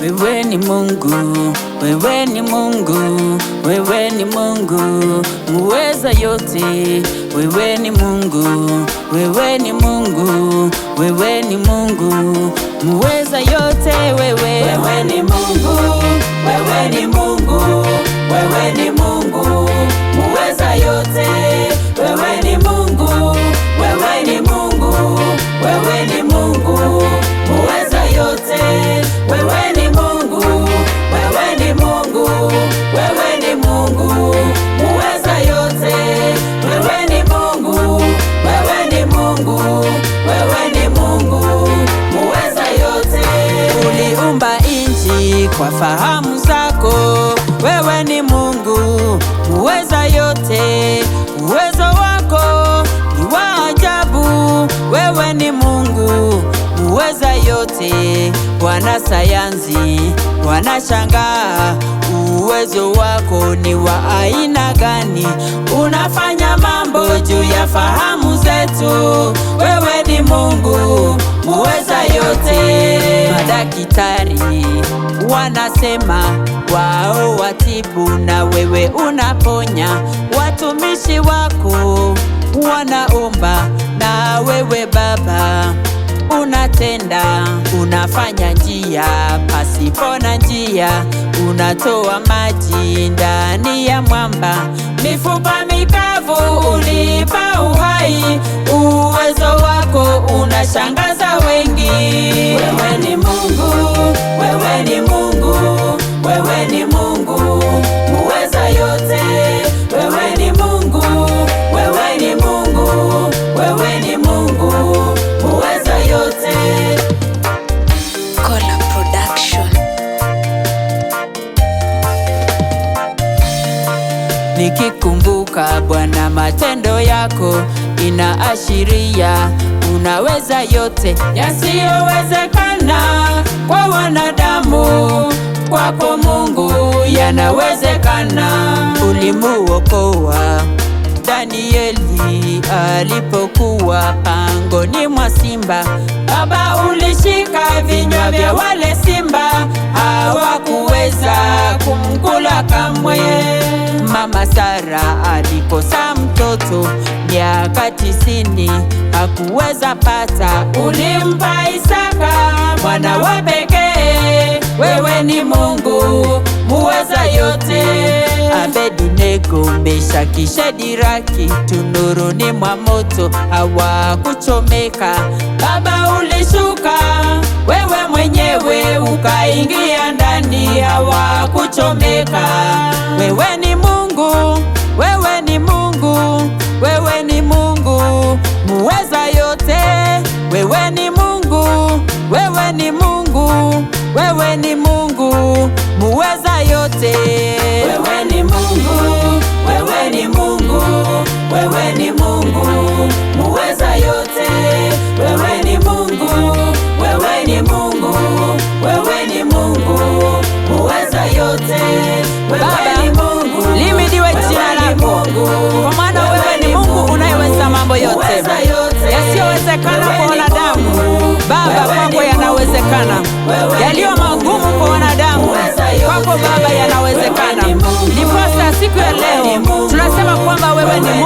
Wewe ni Mungu, wewe ni Mungu, wewe ni Mungu muweza yote. Wewe ni Mungu, wewe ni Mungu, wewe ni Mungu muweza yote, wewe fahamu zako. Wewe ni Mungu muweza yote, uwezo wako ni wa ajabu. Wewe ni Mungu muweza yote. Wanasayansi wanashangaa uwezo wako ni wa aina gani? Unafanya mambo juu ya fahamu zetu. Wewe ni Mungu muweza yote, madaktari wanasema wao watibu na wewe unaponya, watumishi wako wanaomba na wewe Baba unatenda, unafanya njia pasipo na njia, unatoa maji ndani ya mwamba, mifupa mikavu ulipa uhai, uwezo wako unashanga Nikikumbuka Bwana matendo yako, inaashiria unaweza yote yasiyowezekana kwa wanadamu, kwako Mungu yanawezekana. Ulimuokoa Danieli alipokuwa pangoni mwa simba. Baba, ulishika vinywa vya wale simba, hawakuweza kumkula kamwe. Mama Sara alikosa mtoto miaka tisini, hakuweza pata. Ulimpa Isaka mwana wa pekee, wewe ni Mungu muweza yote. Abednego, Meshaki, Shadiraki, tunuruni mwa moto hawakuchomeka. Baba ulishuka wewe mwenyewe ukaingia ndani, hawakuchomeka. Wewe ni Mungu Oh. Mungu, kwa maana wewe ni Mungu unayeweza mambo yote, yasiyowezekana kwa wanadamu. Baba, kwako yanawezekana, yaliyo magumu kwa wanadamu, kwako Baba yanawezekana. Ndiposa siku ya leo tunasema kwamba wewe ni